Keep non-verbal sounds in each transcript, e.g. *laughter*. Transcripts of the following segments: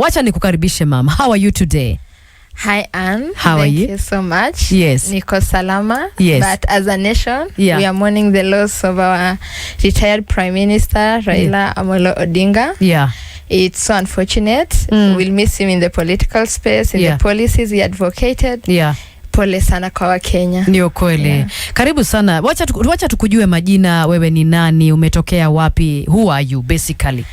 wacha nikukaribishe mama. How are you today? Hi Anne. How are you? you so much. Yes. Niko salama. Yes. But as a nation, yeah. we are mourning the loss of our retired Prime Minister Raila yeah. Amolo Odinga. Yeah. It's so unfortunate. Mm. We'll miss him in the political space, in yeah. the policies he advocated. Yeah. Pole sana kwa Wakenya. Ni ukweli. Yeah. Karibu sana. Wacha, wacha tukujue majina, wewe ni nani, umetokea wapi? Who are you basically?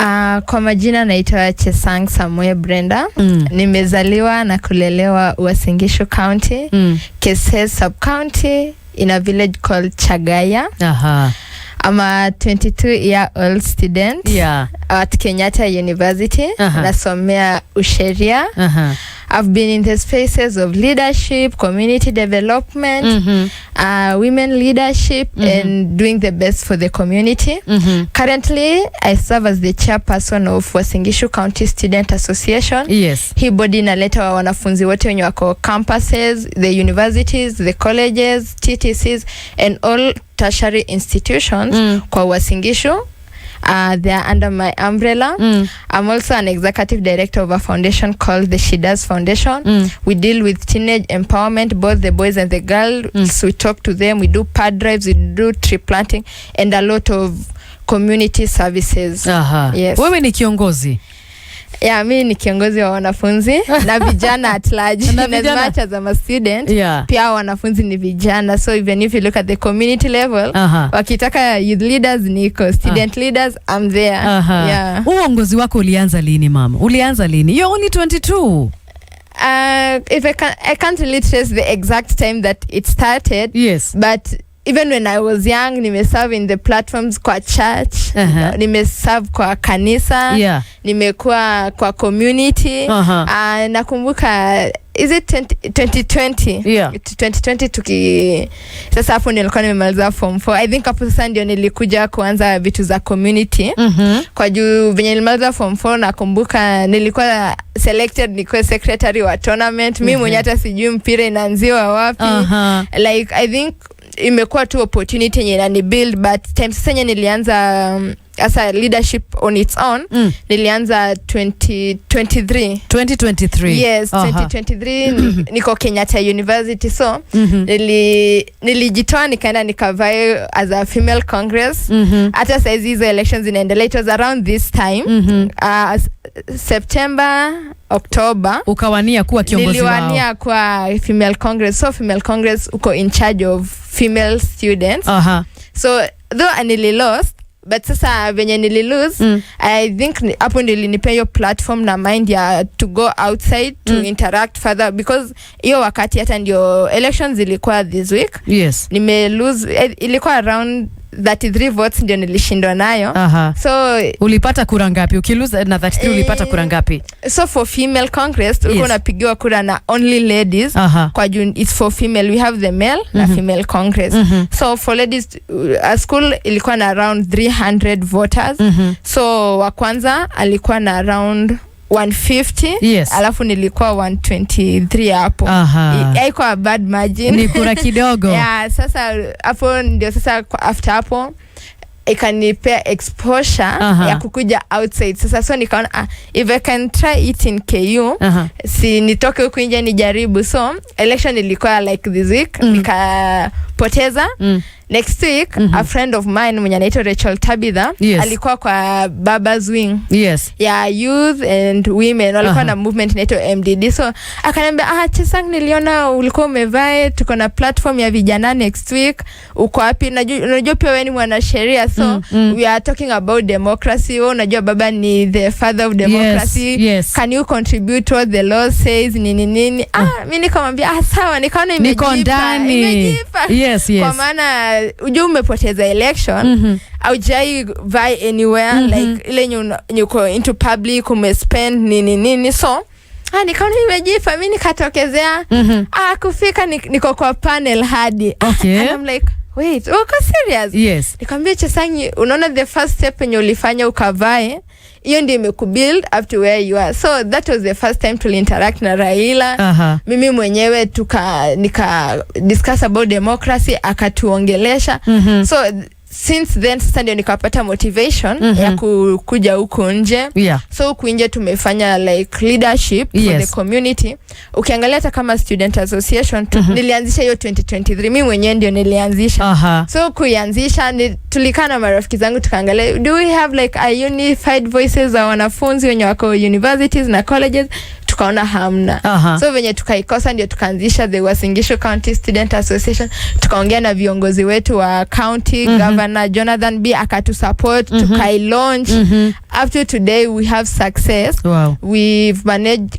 Uh, kwa majina naitwa Chesang Samuel Brenda. Mm. Nimezaliwa na kulelewa Uasingishu County, mm. Kesses Sub County in a village called Chagaya. Aha. I'm a 22 year old student. Yeah. At Kenyatta University. Aha. Nasomea usheria. Aha. I've been in the spaces of leadership, community development, mm -hmm. uh, women leadership mm -hmm. and doing the best for the community. Mm -hmm. Currently, I serve as the chairperson of Wasingishu County Student Association. Yes. Hii body inaleta wanafunzi wote wenye wako campuses, the universities, the colleges, TTCs and all tertiary institutions mm. kwa Wasingishu Uh, they are under my umbrella. Mm. I'm also an executive director of a foundation called the She Does Foundation. Mm. We deal with teenage empowerment, both the boys and the girls. Mm. We talk to them, we do pad drives, we do tree planting and a lot of community services. Uh-huh. Yes. Wewe ni kiongozi Yeah, mi ni kiongozi wa wanafunzi *laughs* na vijana at large. And as much as I'm a student, yeah. Pia wanafunzi ni vijana. So even if you look at the community level, uh -huh. Wakitaka youth leaders niko, student uh ah. -huh. leaders I'm there. Uh -huh. Yeah. Huo Uongozi wako ulianza lini mama? Ulianza lini? You're only 22. Uh, if I can, I can't really trace the exact time that it started. Yes. But even when I was young nimeserve in the platforms kwa church uh -huh. nimeserve kwa kanisa yeah. nimekuwa kwa community uh -huh. uh, ah, nakumbuka is it 2020 yeah. 2020 tuki sasa hapo ndio nilikuwa nimemaliza form 4 I think hapo sasa ndio nilikuja kuanza vitu za community mm -hmm. kwa juu venye nilimaliza form 4 nakumbuka nilikuwa selected nikuwe secretary wa tournament mm -hmm. mi mm-hmm. mwenye hata sijui mpira inaanziwa wapi uh -huh. like I think imekuwa tu opportunity yenye nani build but time sasa nilianza um, hasa leadership on its own mm. Nilianza 2023 yes, *coughs* niko Kenyatta University so mm -hmm. nili nilijitoa nikaenda nikavai as a female congress mm-hmm. hata mm -hmm. Saizi hizo elections inaendelea it was around this time mm -hmm. uh, September Oktoba ukawania kuwa kiongozi wao. Niliwania kwa female congress, so female congress uko in charge of female students uh -huh. so though nililost but sasa venye nililose mm. I think hapo ndio ilinipea hiyo platform na mind ya to go outside to mm. interact further because hiyo wakati hata ndio elections ilikuwa this week yes. nime lose eh, ilikuwa around 33 votes ndio nilishindwa nayo. Aha. So ulipata kura ngapi? Ukiluza na 33 e, eh, ulipata kura ngapi? So for female congress yes, ulikuwa unapigiwa kura na only ladies. Aha. Kwa juu it's for female we have the male mm -hmm. na mhm. female congress. Mm -hmm. So for ladies uh, a school ilikuwa na around 300 voters. Mm -hmm. So wa kwanza alikuwa na around 150 yes. Alafu nilikuwa 123 hapo, haiko a bad margin, ni kura kidogo *laughs* yeah. Sasa hapo ndio sasa, after hapo ikanipea exposure -huh. ya kukuja outside sasa, so nikaona ah, if I can try it in KU -huh. si nitoke huku nje nijaribu, so election ilikuwa like this week mm. nikapoteza mm next week mm -hmm. a mhm. friend of mine mwenye anaitwa Rachel Tabitha yes. alikuwa kwa Baba's Wing yes. ya youth and women walikuwa uh -huh. na movement inaitwa MDD, so akaniambia ah, Chesang, niliona ulikuwa umevae tuko na platform ya vijana next week, uko wapi? Unajua pia we ni mwanasheria so mm -hmm. we are talking about democracy. we unajua baba ni the father of democracy yes. Yes. can you contribute what the law says nini nini. Ah, ah mi nikamwambia ah, sawa, nikaona imejipa, imejipa yes, yes. kwa maana ujua umepoteza election mm -hmm. aujai vai anywhere mm -hmm. like ile nyuko into public umespend nini nini so ah, nikaona imejifa mi nikatokezea mm -hmm. kufika niko kwa panel hadi okay. and I'm like Wait, uko serious? Yes. Nikwambia Chesangi, unaona the first step enye ulifanya ukavae hiyo ndio imekubuild up to where you are. So that was the first time tuliinteract na Raila. Uh -huh. Mimi mwenyewe tuka nika discuss about democracy akatuongelesha. Mm -hmm. So since then sasa ndio nikapata motivation mm -hmm. ya mhm. kukuja huku nje yeah. So huku nje tumefanya like leadership yes. for the community. Ukiangalia hata kama student association tu, mm -hmm. nilianzisha hiyo 2023 mi mwenyewe ndio nilianzisha uh -huh. So kuianzisha tulikaa na marafiki zangu tukaangalia, do we have like a unified voices za wanafunzi wenye wako universities na colleges tukaona hamna. uh -huh. So venye tukaikosa ndio tukaanzisha the Uasin Gishu County Student Association, tukaongea na viongozi wetu wa county mm -hmm. Governor Jonathan B akatusupport mm -hmm. tukailaunch mm -hmm. up to today we have success. wow. We've managed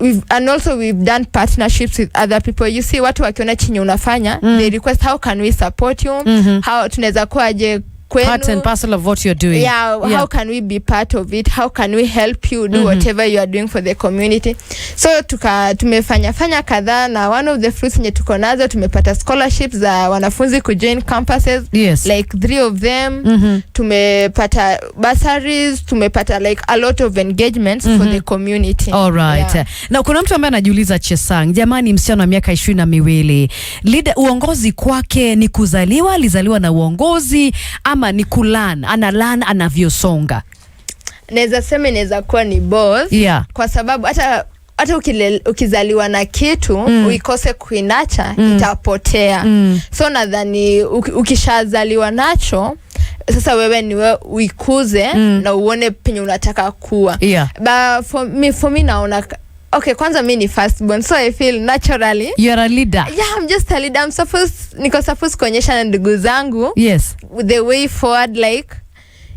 We've, and also we've done partnerships with other people. You see watu wakiona chenye unafanya mm. they request how can we support you? mm -hmm. how tunaweza kuaje Kwenu, part and parcel of what you're doing. Yeah, yeah, how can we be part of it? How can we help you do mm -hmm. whatever you are doing for the community? So tuka tumefanya fanya kadhaa na one of the fruits nye tuko nazo tumepata scholarships za wanafunzi ku join campuses yes. like three of them mm -hmm. tumepata bursaries, tumepata like a lot of engagements mm -hmm. for the mm-hmm. community. All right. Yeah. Na kuna mtu ambaye anajiuliza Chesang, jamani msichana wa miaka ishirini na miwili. Leader, uongozi kwake ni kuzaliwa, alizaliwa na uongozi ama ama ni kulan ana lan anavyosonga? Naweza sema inaweza kuwa ni both, yeah. Kwa sababu hata hata ukizaliwa na kitu mm. uikose kuinacha mm. itapotea mm. so nadhani ukishazaliwa nacho sasa wewe ni uikuze mm. na uone penye unataka kuwa yeah. ba for me, for me naona Okay, kwanza mi ni first born so I feel naturally. You a leader. Yeah, I'm just a leader. I'm supposed, niko supposed kuonyesha na ndugu zangu. Yes. The way forward like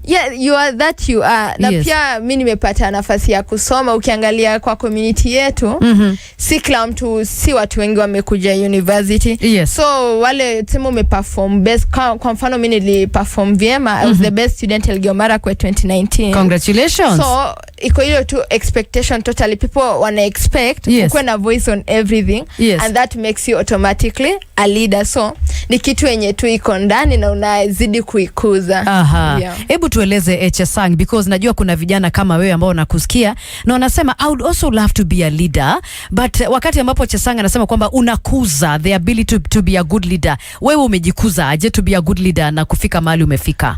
Yeah, you are that you are. Na yes. Pia mi nimepata nafasi ya kusoma ukiangalia kwa community yetu mm -hmm. Si kila mtu, si watu wengi wamekuja university yes. So wale timu umeperform best kwa, kwa mfano mi niliperform vyema mm -hmm. I was mhm. the best student Elgeyo Mara 2019. Congratulations. So iko hiyo tu expectation totally people wana expect yes. Ukuwe na voice on everything yes. And that makes you automatically a leader so ni kitu yenye tu iko ndani na unazidi kuikuza. Aha. Yeah. Ebu tueleze eh, Chesang, because najua kuna vijana kama wewe ambao nakusikia na wanasema I would also love to be a leader, but eh, wakati ambapo Chesang anasema kwamba unakuza the ability to, to be a good leader, wewe umejikuza aje to be a good leader na kufika mahali umefika?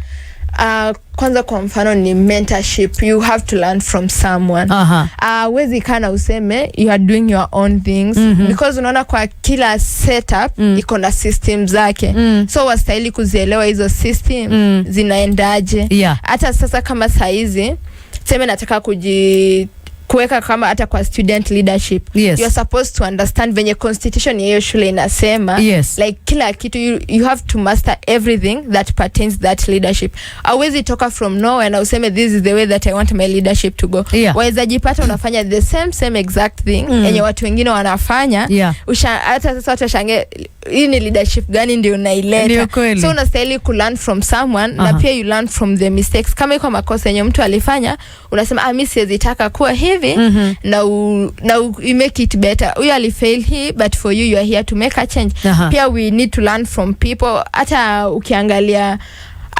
Uh, kwanza kwa mfano ni mentorship, you have to learn from someone. Uh, huwezi uh, kana useme you are doing your own things mm -hmm. because unaona kwa kila setup mm. iko na system zake mm. so wastahili kuzielewa hizo system mm. zinaendaje hata yeah. sasa kama saizi seme nataka kuji kuweka kama hata kwa student leadership yes. You are supposed to understand venye constitution ya hiyo shule inasema yes. Like kila kitu you, you have to master everything that pertains that leadership. Awezi toka from nowhere na useme this is the way that I want my leadership to go yeah. Waweza jipata unafanya the same same exact thing mm. Yenye watu wengine wanafanya yeah. Usha, hata sasa watu washange hii ni leadership gani ndio unaileta? So unastahili ku learn from someone uh -huh. Na pia you learn from the mistakes, kama iko makosa yenye mtu alifanya unasema ah, mimi siwezi taka kuwa hivi hivi mm -hmm. na, u, na u, you make it better. Huyo alifail hii but for you you are here to make a change. -huh. Pia we need to learn from people. Hata ukiangalia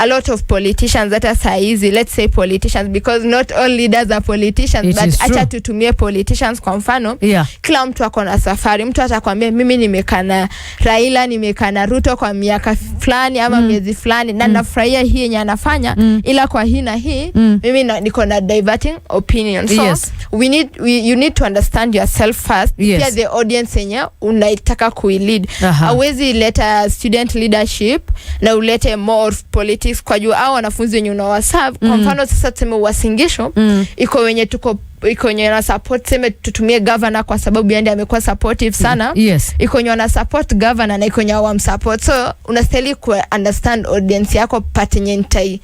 a lot of politicians that are saizi let's say politicians because not all leaders are politicians It but acha tutumie politicians kwa mfano yeah. Kila mtu ako na safari. Mtu atakwambia mimi nimekaa na Raila, nimekaa na Ruto kwa miaka fulani ama miezi mm. miezi fulani na mm. nafurahia hii yenye anafanya mm. ila kwa hii na hii mm. mimi niko na diverting opinion so yes. we need, we, you need to understand yourself first yes. Pia the audience yenye unaitaka kuilead awezi leta student leadership na ulete more of politics active kwa juu au wanafunzi wenye unawaserve kwa mm. mfano sasa tuseme uwasingisho mm. iko wenye tuko iko wenye na support sema tutumie governor kwa sababu yeye amekuwa supportive sana mm. yes. iko wenye na support governor na iko wenye wa support so unastahili ku understand audience yako part yenye nitai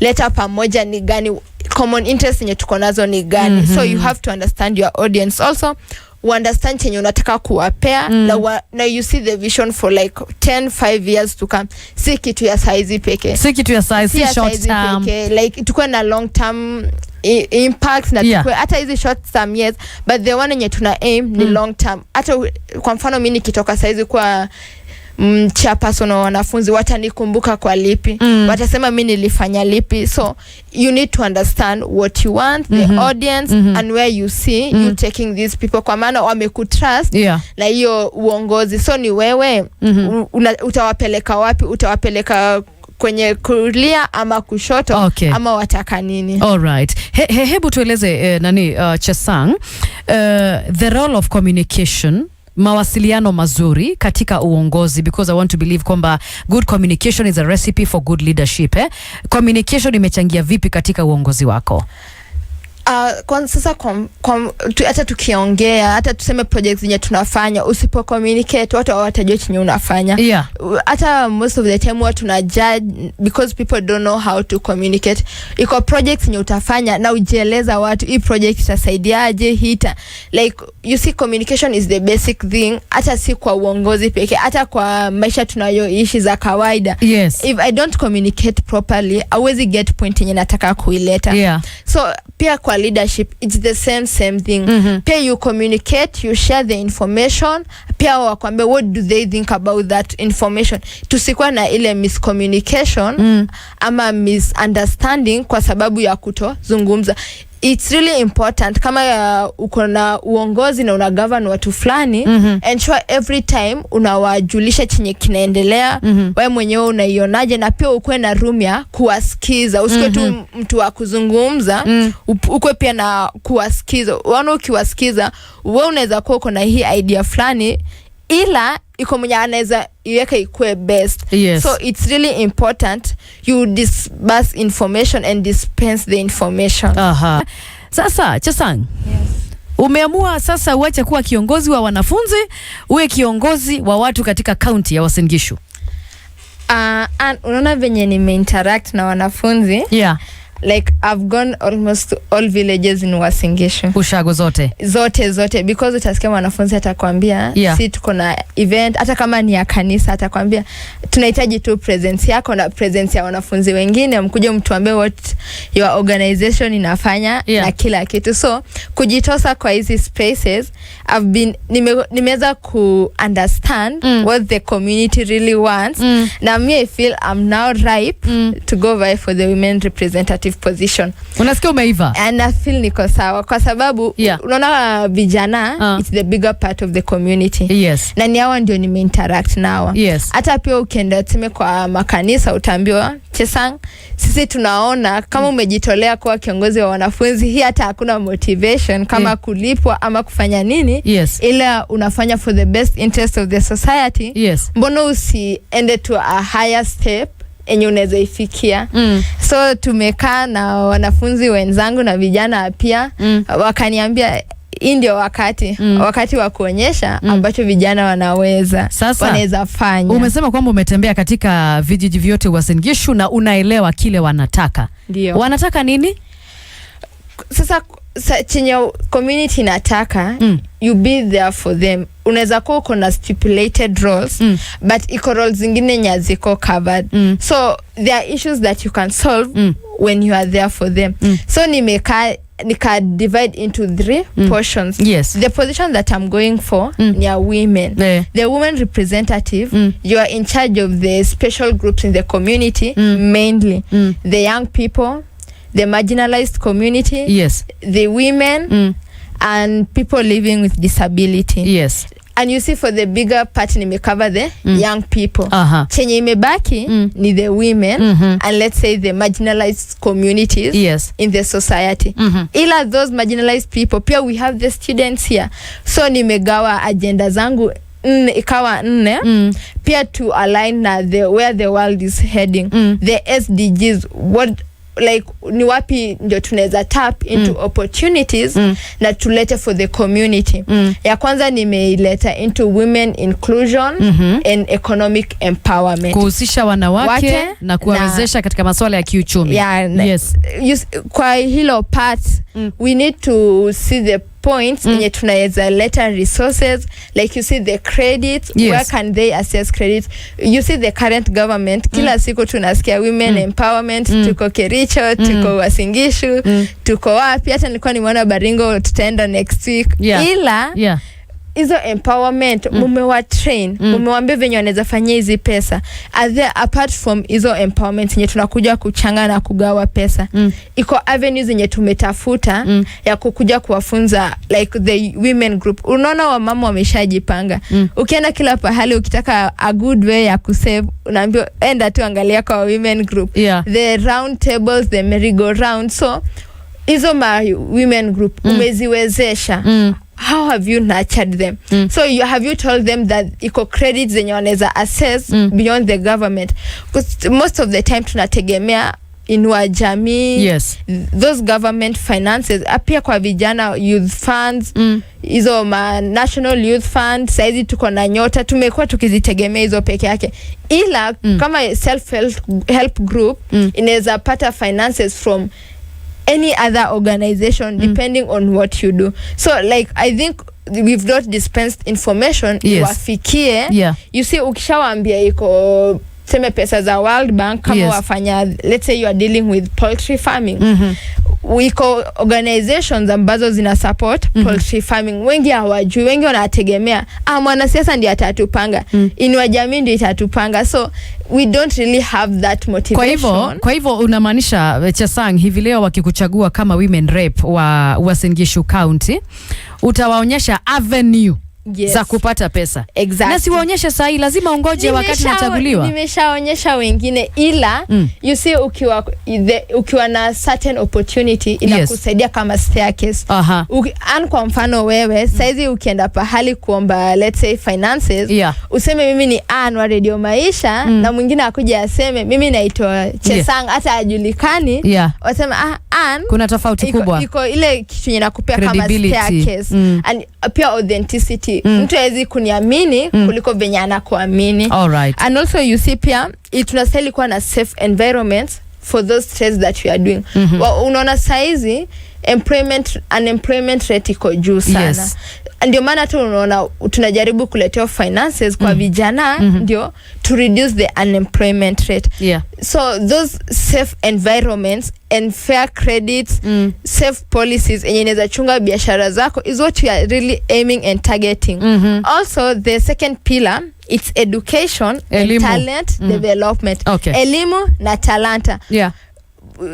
leta pamoja ni gani common interest yenye tuko nazo ni gani mm -hmm. so you mm-hmm. have to understand your audience also uunderstand chenye unataka kuwapea mm. na, na you see the vision for like 10 5 years to come. Si kitu ya saizi peke si kitu ya saizi, si short term peke. like tukue na long term impact na tukue hata hizi short term years, but the one yenye tuna aim ni mm. long term. Hata kwa mfano mimi nikitoka saizi kwa mchapa mm, sana wanafunzi, watanikumbuka kwa lipi? mm. watasema mimi nilifanya lipi? So you need to understand what you want mm -hmm. the mm-hmm. audience mm -hmm. and where you see mm. you mm-hmm. taking these people, kwa maana wamekutrust yeah. na hiyo uongozi, so ni wewe mm -hmm. utawapeleka wapi? utawapeleka kwenye kulia ama kushoto okay. ama wataka nini? All right. He, he, hebu tueleze eh, nani uh, Chesang uh, the role of communication mawasiliano mazuri katika uongozi because I want to believe kwamba good communication is a recipe for good leadership eh? Communication imechangia vipi katika uongozi wako? uh, kwa sasa hata tukiongea hata tuseme projects zenye tunafanya, usipo communicate watu hawatajua chenye unafanya hata yeah. Most of the time watu na judge because people don't know how to communicate. Iko projects zenye utafanya na ujieleza watu, hii project itasaidiaje hita like you see, communication is the basic thing, hata si kwa uongozi pekee, hata kwa maisha tunayoishi za kawaida yes. If I don't communicate properly, I always get point yenye nataka kuileta yeah. So pia kwa leadership it's the same same thing mm -hmm. Pia you communicate you share the information, pia wakwambia what do they think about that information. Tusikuwa na ile miscommunication mm. ama misunderstanding kwa sababu ya kutozungumza it's really important kama uh, uko na uongozi na una govern watu fulani mm -hmm. ensure every time unawajulisha chenye kinaendelea mm -hmm. wewe mwenyewe unaionaje, na pia ukuwe na room ya kuwasikiza, usikuwe mm -hmm. tu mhm. mtu wa kuzungumza mm -hmm. ukuwe pia na kuwasikiza wana, yaani ukiwasikiza wewe unaweza kuwa uko na hii idea fulani ila iko mwenye anaweza iweka ikuwe best. Yes. So it's really important you disburse information and dispense the information. Aha. Sasa Chesang. Yes. Umeamua sasa uache kuwa kiongozi wa wanafunzi uwe kiongozi wa watu katika kaunti ya Uasin Uh, unaona venye nimeinteract na wanafunzi. Yeah like I've gone almost to all villages in Wasingishu. Ushago zote zote zote, because utasikia mwanafunzi atakwambia yeah. si tuko na event, hata kama ni ya kanisa atakwambia tunahitaji tu presence yako na presence ya wanafunzi wengine, mkuje mtuambie what your organization inafanya yeah. na kila kitu. So kujitosa kwa hizi spaces I've been nime, nimeweza ku understand mm. what the community really wants mm. na me I feel I'm now ripe mm. to go vie for the women representative positive position. Unasikia umeiva? Na feel niko sawa kwa sababu yeah. Unaona vijana uh. It's the bigger part of the community. Yes. Na ni hawa ndio nime interact nao. Yes. Hata pia ukienda tuseme kwa makanisa utaambiwa Chesang, sisi tunaona kama mm. umejitolea kuwa kiongozi wa wanafunzi, hii hata hakuna motivation kama yeah. kulipwa ama kufanya nini. Yes. Ila unafanya for the best interest of the society. Yes. Mbona usiende to a higher step enye unaweza ifikia mm. So tumekaa na wanafunzi wenzangu na vijana pia mm. wakaniambia hii ndio wakati mm. wakati wa kuonyesha mm. ambacho vijana wanaweza sasa wanaweza fanya. Umesema kwamba umetembea katika vijiji vyote Uasin Gishu na unaelewa kile wanataka. Ndio. Wanataka nini? Sasa chenye community inataka mm. you be there for them. Unaweza kuwa uko na stipulated roles mm. but iko roles zingine nyaziko covered mm. so there are issues that you can solve mm. when you are there for them mm. so nimekaa nika divide into three mm. portions yes the position that i'm going for mm. ni women yeah. the women representative mm. you are in charge of the special groups in the community mm. mainly mm. the young people the marginalized community, yes, the women mm. and people living with disability. Yes. And you see for the bigger part nimecover the mm. young people uh -huh. Chenye imebaki mm. ni the women mm -hmm. and let's say the marginalized communities yes. in the society mm -hmm. Ila those marginalized people pia we have the students here, so nimegawa agenda zangu nne ikawa nne mm. pia to align na the where the world is heading mm. the SDGs what like ni wapi ndio tunaweza tap into mm. opportunities mm. na tulete for the community mm. ya kwanza nimeileta into women inclusion mm -hmm. and economic empowerment, kuhusisha wanawake Wake, na kuwawezesha katika masuala ya kiuchumi yeah, yes. Kwa hilo part mm. we need to see the points mm. yenye tunaweza leta resources like you see the credit yes. where can they assess credit you see the current government mm. kila siku tunasikia women mm. empowerment mm. tuko Kericho mm. tuko Wasingishu mm. tuko wapi hata nilikuwa nimeona Baringo tutaenda next week yeah. ila yeah hizo empowerment mm. mumewa train mm. mumewaambia venye wanaweza fanyia hizi pesa are apart from hizo empowerment yenye tunakuja kuchanga na kugawa pesa mm. iko avenue zenye tumetafuta mm. ya kukuja kuwafunza like the women group. Unaona wamama wameshajipanga mm. ukienda kila pahali ukitaka a good way ya kusave unaambia enda tu angalia kwa women group yeah. the round tables the merry go round so hizo ma women group mm. umeziwezesha mm how have you nurtured them mm. so you, have you told them that iko credit zenye wanaweza assess mm. beyond the government because most of the time tunategemea inua jamii yes. those government finances ah, pia kwa vijana youth funds mm. hizo mm. ma national youth fund saizi tuko na nyota tumekuwa tukizitegemea hizo peke yake ila mm. kama self help, help group mm. inaweza pata finances from any other organization mm. depending on what you do so like i think we've not dispensed information yes. iwafikie yeah. you see ukishawaambia iko seme pesa za World Bank kama yes. wafanya let's say you are dealing with poultry farming mm -hmm iko organizations ambazo zina support mm -hmm. poultry farming. Wengi hawajui, wengi wanategemea ah, mwanasiasa ndiye atatupanga mm. inua jamii ndiye itatupanga so we don't really have that motivation. Kwa hivyo kwa hivyo unamaanisha eh, Chesang, hivi leo wakikuchagua kama women rep wa Uasin Gishu County utawaonyesha avenue Yes. za kupata pesa exactly. Na siwaonyeshe saa hii, lazima ungoje wakati nachaguliwa. Nimeshaonyesha wengine, ila mm. you see, ukiwa, the, ukiwa na certain opportunity inakusaidia yes. kama staircase uh an, kwa mfano wewe mm. saizi ukienda pahali kuomba let's say finances yeah. useme mimi ni Ann wa Radio Maisha mm. na mwingine akuja aseme mimi naitwa Chesang yeah. hata ajulikani yeah. wasema ah, Ann, kuna tofauti kubwa iko ile kitu inakupea kama staircase mm. and pia authenticity mm. mtu hawezi kuniamini mm. kuliko venye anakuamini. right. And also you see pia tunastahili kuwa na safe environment for those stress that you are doing. Mm -hmm. Well, unaona saizi employment unemployment rate iko juu sana. Yes. Ndio maana tu unaona tunajaribu kuletea finances kwa mm. vijana mm -hmm. ndio to reduce the unemployment rate. Yeah. So those safe environments and fair credits, mm. safe policies and in chunga biashara zako is what we are really aiming and targeting. Mm -hmm. Also the second pillar it's education Elimu. and talent mm. development. Okay. Elimu na talanta. Yeah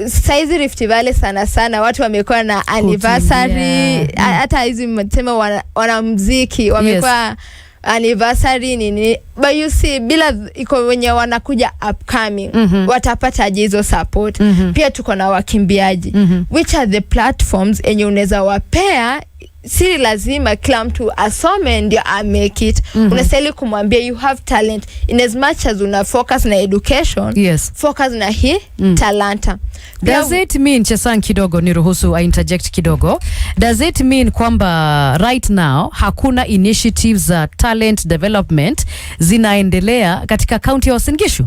saizi Rift Valley sana sana watu wamekuwa na anniversary hata yeah. hizi msema wana, wana mziki wamekuwa yes anniversary nini, but you see bila iko wenye wanakuja upcoming mm -hmm. watapata jizo support mm -hmm. Pia tuko na wakimbiaji mm -hmm. which are the platforms enye unaweza wapea si lazima kila mtu asome ndio amake it. mm -hmm. Unastahili kumwambia you have talent in as much as una focus na education. Yes. Focus na hii mm. talanta. Does it mean Chesan, kidogo ruhusu I interject kidogo. Does it mean kwamba right now hakuna initiatives za talent development zinaendelea katika kaunti ya wasingishu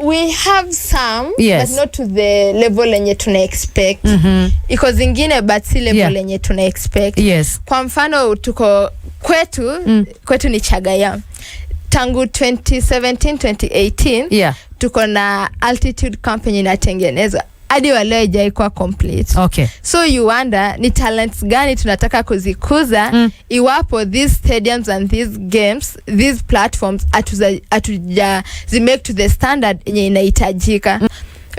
we have some yes. but not to the level lenye tuna expect mm -hmm. iko zingine but si level yeah. lenye tuna expect yes. Kwa mfano tuko kwetu mm. kwetu ni Chagaya tangu 2017 2018 yeah. tuko na altitude campaign inatengenezwa hadi waleo kuwa complete. Okay. So you wonder ni talents gani tunataka kuzikuza mm. iwapo these stadiums and these games, these platforms hatuja zimake to the standard yenye inahitajika mm.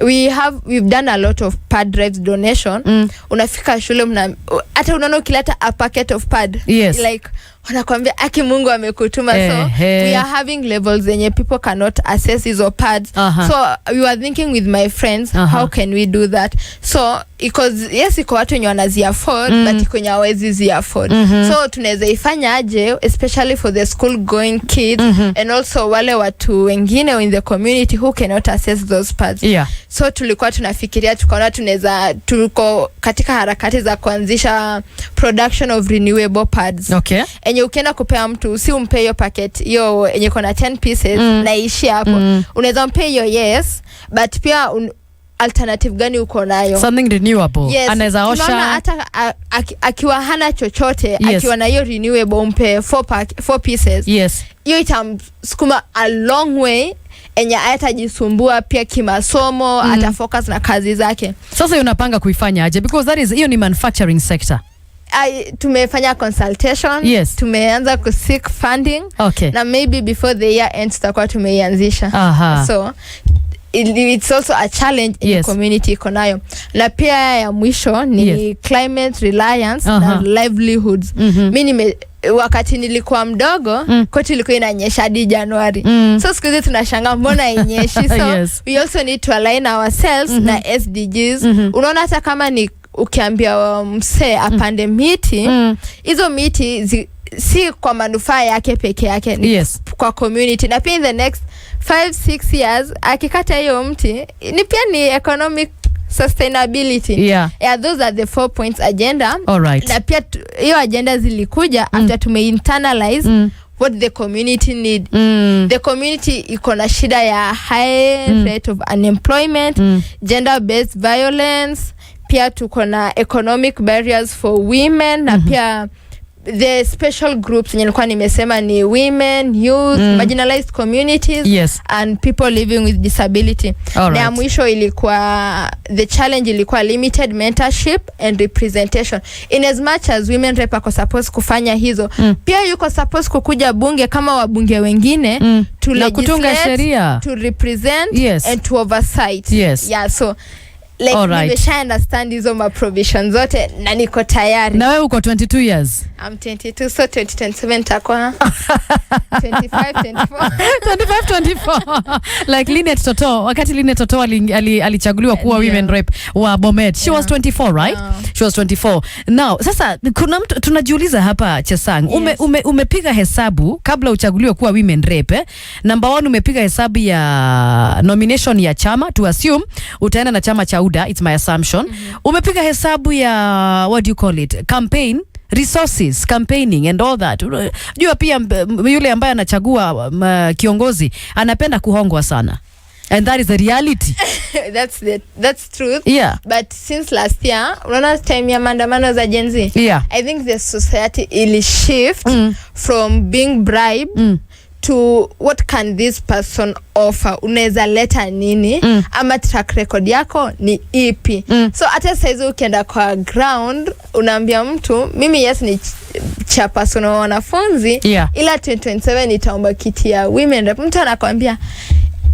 We have we've done a lot of pad drives donation mm. Unafika shule mna hata unaona ukileta a packet of pad yes. like wanakwambia aki Mungu amekutuma eh, so hey. we are having levels zenye people cannot access hizo pads uh -huh. so we were thinking with my friends uh -huh. how can we do that so because yes iko watu wenye wanazi afford mm. but iko wenye hawezi zi afford mm -hmm. so tunaweza ifanya aje especially for the school going kids mm -hmm. and also wale watu wengine in the community who cannot access those pads yeah. so tulikuwa tunafikiria tukaona tunaweza tuko katika harakati za kuanzisha production of renewable pads okay enye ukienda kupea mtu si umpe hiyo packet hiyo enye kona 10 pieces mm. na ishi hapo mm. unaweza mpe hiyo yes but pia un, alternative gani uko nayo, something renewable. Yes, anaweza osha hata akiwa hana chochote yes. Akiwa na hiyo renewable umpe four pack, four pieces yes, hiyo itamsukuma a long way enye atajisumbua pia kimasomo mm. Atafocus na kazi zake. Sasa unapanga kuifanya aje? Because that is hiyo ni manufacturing sector I, tumefanya consultation yes. Tumeanza ku seek funding okay. Na maybe before the year end tutakuwa tumeianzisha so it's also a challenge in yes. community iko nayo na pia ya mwisho ni yes. climate reliance uh -huh. na livelihoods mm -hmm. Mi nime wakati nilikuwa mdogo mm. koti ilikuwa inanyesha hadi Januari mm. so siku hizi tunashangaa mbona inyeshi *laughs* so yes. we also need to align ourselves mm -hmm. na SDGs mm -hmm. unaona hata kama ni ukiambia um, msee mm. apande miti mm. hizo mm. miti zi, si kwa manufaa yake peke yake ni yes. kwa community na pia in the next 5 6 years akikata hiyo mti ni pia ni economic sustainability yeah. Yeah, those are the four points agenda right. na pia hiyo agenda zilikuja mm. after tume internalize mm. what the community need mm. the community iko na shida ya high mm. rate of unemployment mm. gender based violence pia tuko na economic barriers for women na mm -hmm. pia the special groups yenye nilikuwa nimesema ni women, youth, mm. marginalized communities yes. and people living with disability right. Na mwisho ilikuwa the challenge ilikuwa limited mentorship and representation in as much as women rep ako suppose kufanya hizo mm. Pia yuko suppose kukuja bunge kama wabunge wengine mm. to legislate, to represent yes. and to oversight yes. yeah, so like right. Nimesha understand hizo zote na niko tayari. Na wewe uko 22 years? I'm 22 so 2027 takwa 25 24 25 24 like Linet Toto, wakati Linet Toto alichaguliwa ali, kuwa yeah. Women Rep wa Bomet she yeah. was 24 right yeah. she was 24 now. Sasa kuna mtu tunajiuliza hapa Chesang yes. Ume, ume, umepiga hesabu kabla uchaguliwe kuwa Women Rep eh? Number umepiga hesabu ya nomination ya chama to assume utaenda na chama cha muda, it's my assumption. Mm -hmm. Umepiga hesabu ya what do you call it campaign resources campaigning and all that. Jua pia yule ambaye anachagua uh, kiongozi anapenda kuhongwa sana and that is the reality *laughs* that's the that's truth yeah but since last year unaona time ya maandamano za Gen Z yeah I think the society ili shift mm. from being bribed mm to what can this person offer, unaweza leta nini mm. ama track record yako ni ipi mm. so hata saizi ukienda kwa ground unaambia mtu mimi yes ni cha person wa wanafunzi yeah. ila 2027 nitaomba kiti ya women rep, mtu anakwambia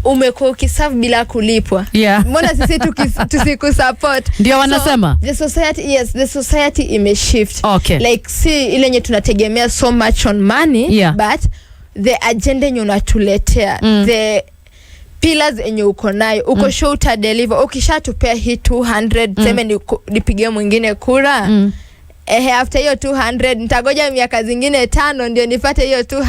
umekuwa ukisave bila kulipwa yeah. Mbona sisi *laughs* tusikusupport? Ndio wanasema so, the society yes, the society imeshift okay. Like si ile yenye tunategemea so much on money yeah. but the agenda yenye unatuletea mm. the pillars enye uko nayo uko mm. sure uta deliver. Ukishatupea hii 200 mm. seme nipigie mwingine kura mm. Ehe, after hiyo 200 nitagoja miaka zingine tano ndio nipate hiyo 200. uh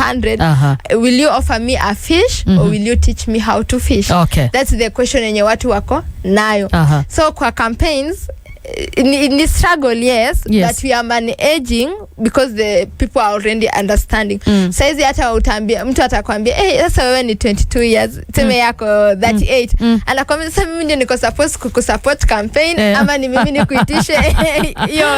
-huh. Will you offer me a fish mm -hmm. or mhm. will you teach me how to fish? Okay. That's the question yenye watu wako nayo. uh -huh. So kwa campaigns Eh, ni, ni struggle yes, yes, but we are managing because the people are already understanding mm. Saizi hata utaambia mtu atakwambia hey, eh, sasa wewe ni 22 years seme mm. yako 38 mm. mm. anakwambia sasa mimi ndio niko supposed support campaign yeah. ama ni mimi nikuitishe *laughs* *laughs* hiyo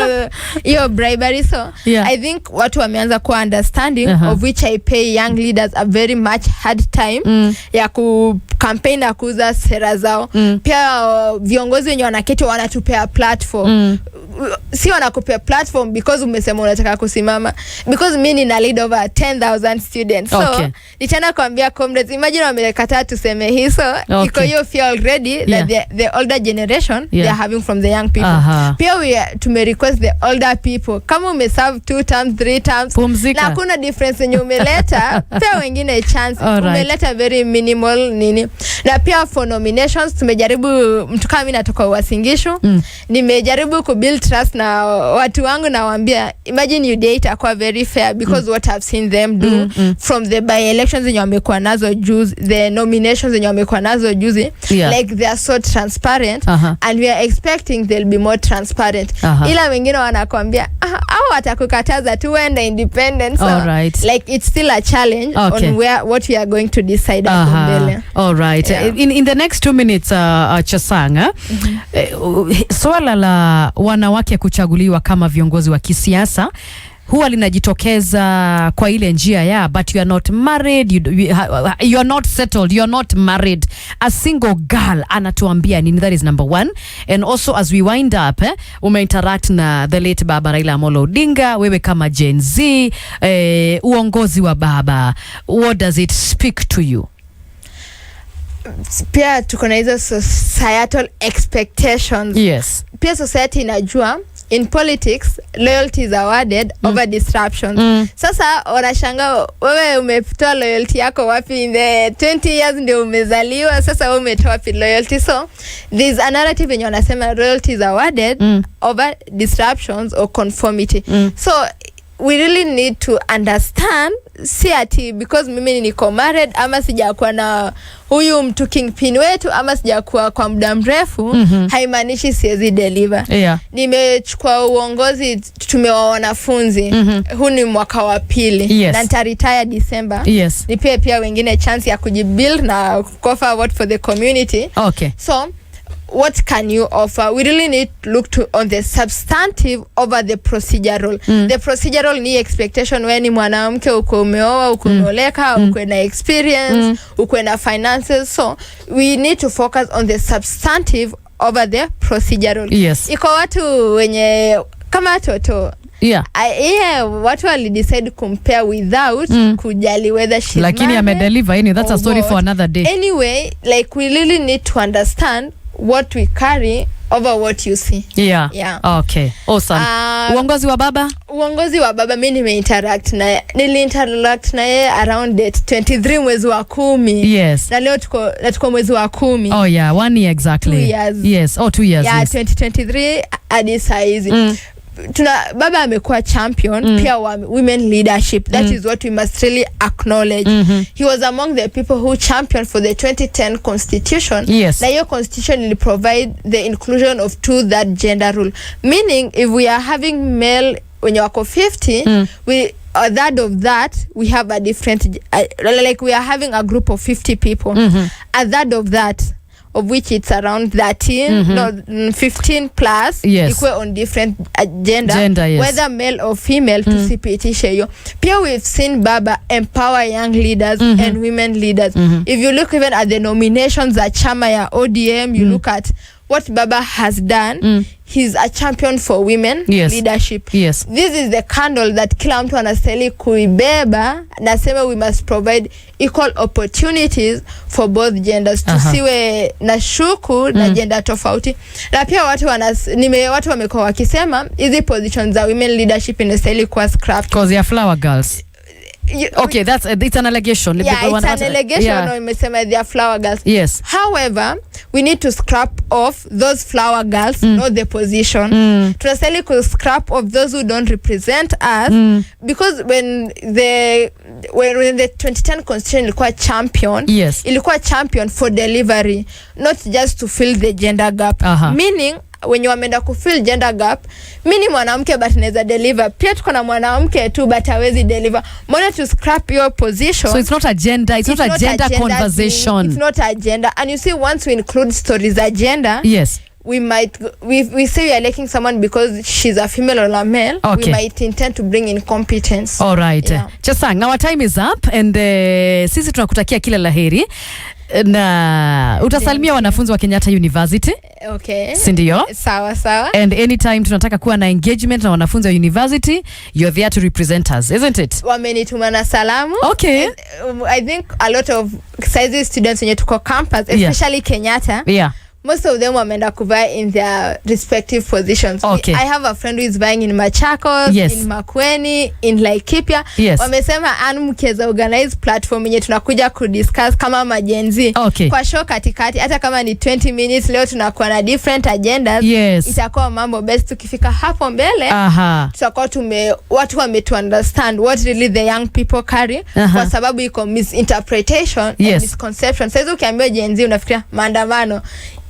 hiyo bribery so yeah. I think watu wameanza kuwa understanding uh -huh. of which I pay young leaders a very much hard time mm. ya ku campaign na kuuza sera zao mm. pia uh, viongozi wenye wanaketi wanatupea plat platform mm. si wanakupea platform because umesema unataka kusimama, because mimi nina lead over 10000 students, so nitaenda kuambia comrades, imagine wamekata tuseme hii, so okay. iko hiyo fear already that the, the older generation yeah. they are having from the young people. uh -huh. Pia we tume request the older people, kama umeserve two terms three terms na kuna difference yenye umeleta, *laughs* pia wengine chance right. umeleta very minimal nini, na pia for nominations tumejaribu mtu kama mimi natoka Uasin mm. nimejaribu kubuild trust na watu wangu nawaambia, imagine you date itakuwa very fair because mm. what I've seen them do mm -hmm. from the by elections zenye wamekuwa nazo juzi, the nominations zenye wamekuwa nazo juzi yeah. like they are so transparent uh -huh. and we are expecting they'll be more transparent uh -huh. ila wengine wanakwambia au ah, watakukataza tu wende independent so all right. like it's still a challenge okay. on where what we are going to decide uh -huh. mbele all right yeah. in, in the next two minutes uh, uh, Chasanga mm -hmm. uh, swala la wana wake kuchaguliwa kama viongozi wa kisiasa huwa linajitokeza kwa ile njia ya but you are not married you, you are not settled you are not married a single girl anatuambia nini that is number one and also as we wind up eh, umeinteract na the late baba Raila Amolo Odinga wewe kama Gen Z eh, uongozi wa baba what does it speak to you pia tuko na hizo societal expectations. Yes. Pia society inajua in politics loyalty is awarded mm. over disruptions mm. Sasa wanashanga wewe umetoa loyalty yako wapi? In the 20 years ndio umezaliwa, sasa wewe umetoa wapi loyalty? So there's a narrative yenye wanasema loyalty is awarded mm. over disruptions or conformity mm. so we really need to understand, si ati because mimi niko married ama sijakuwa na huyu mtu kingpin wetu ama sijakuwa kwa muda mrefu mm -hmm. haimaanishi siwezi deliver. Yeah. Nimechukua uongozi, tumewa wanafunzi mm -hmm. huu ni mwaka wa pili. Yes. na nitaretire December. Yes. Nipee pia wengine chance ya kujibuild na kukofa what for the community. Okay. So what can you offer? We really need to look to on the substantive over the procedural. Mm. The procedural ni expectation, we ni mwanamke uko umeoa uko umeoleka mm. mm. uko na experience mm. uko na finances, so we need to focus on the substantive over the procedural. Yes. Iko watu wenye kama toto Yeah. I, yeah, watu walidecide compare without mm. kujali whether she lakini amedeliver, anyway, that's a story what. for another day. Anyway, like we really need to understand what we carry over what you see. Yeah. Yeah. Okay. Awesome. Uh, uongozi wa baba? Uongozi wa baba mimi nimeinteract naye. Niliinteract naye around date 23 mwezi wa kumi. Yes. Na leo tuko na tuko mwezi wa kumi. Oh yeah, one year exactly. Two years. Yes. Oh, two years. Yeah, yes. 2023 hadi saa hizi. Mm tuna baba amekuwa champion mm. pia wa women leadership that mm. is what we must really acknowledge mm -hmm. he was among the people who championed for the 2010 constitution yes. na hiyo constitution ili provide the inclusion of two that gender rule meaning if we are having male wenye wako 50 mm. we a third of that we have a different uh, like we are having a group of 50 people mm -hmm. a third of that of which it's around 13 mm-hmm. no mm, 15 plus yes. ikuwe on different agenda uh, Gender, yes. whether male or female mm. CPT hiyo pia we've seen baba empower young leaders mm -hmm. and women leaders mm -hmm. if you look even at the nominations that chama ya odm you mm. look at what Baba has done mm. He's a champion for women yes. leadership. Yes. This is the candle that kila mtu anastahili kuibeba, nasema we must provide equal opportunities for both genders. Uh -huh. Tusiwe na shuku mm. na jenda tofauti, na pia watu wanas, nime watu wamekuwa wakisema hizi positions za women leadership inastahili kuwa scrapped. Because they are flower girls okay, that's uh, it's an allegation. Yeah, it's an allegation yeah. Imesema they are flower girls. Yes. However, we need to scrap off those flower girls, mm. not the position. Mm. Tunastahili ku scrap off those who don't represent us mm. because when the when, the 2010 constitution ilikuwa champion, yes. ilikuwa champion for delivery, not just to fill the gender gap. Uh -huh. Meaning wenye wameenda kufill gender gap. Mimi ni mwanamke but naweza deliver. Pia tuko na mwanamke tu but hawezi deliver. Mbona to scrap your position? So it's not a gender, it's, it's not, not a gender, gender conversation. Thing. It's not a gender. And you see once we include stories a gender. Yes. We might we, we say we are liking someone because she's a female or a male. Okay. We might intend to bring in competence. All right. Yeah. Chesang, our time is up and uh, sisi tunakutakia kila laheri na utasalimia wanafunzi wa Kenyatta University. Okay. Si ndio? Sawa sawa. And anytime tunataka kuwa na engagement na wanafunzi wa university, you're there to represent us, isn't it? Wamenituma na salamu. Okay. And, um, I think a lot of sizes students wenye tuko campus, especially yeah. Kenyatta. Yeah most of them wameenda kuvaa in their respective positions. Okay. I have a friend who is buying in Machakos, yes. in makweni in Laikipia. Yes. Wamesema anu mkiweza organize platform yenye tunakuja kudiscuss kama majenzi. Okay. Kwa show katikati hata kama ni 20 minutes leo tunakuwa na different agendas. Yes. Itakuwa mambo best tukifika hapo mbele. Aha. Tutakuwa tume watu wametu understand what really the young people carry Aha. kwa sababu iko misinterpretation yes. and misconception. Sasa ukiambiwa jenzi unafikiria maandamano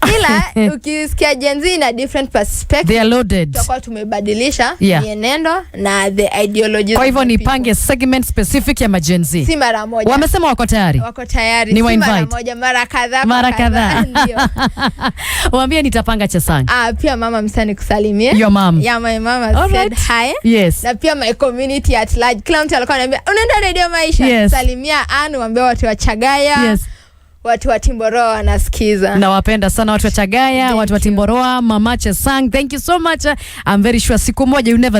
ila *laughs* ukisikia jenzi Z ina different perspective, they are loaded. kwa tumebadilisha yeah, mienendo na the ideologies. Kwa hivyo nipange segment specific ya majenzi si mara moja. Wamesema wako tayari, wako tayari, ni si mara moja, mara kadhaa, mara kadhaa *laughs* *laughs* waambie nitapanga cha sana. Ah, pia mama msani kusalimie your mom, yeah my mama All said right. hi, yes, na pia my community at large, kila mtu alikuwa ananiambia unaenda radio maisha, yes. Salimia anu, waambie watu wa Chagaya, yes watu wa Timboroa wanasikiza. Nawapenda sana watu wa Chagaya, watu wa Timboroa, Mamache Sang. Thank you so much. I'm very sure siku moja you never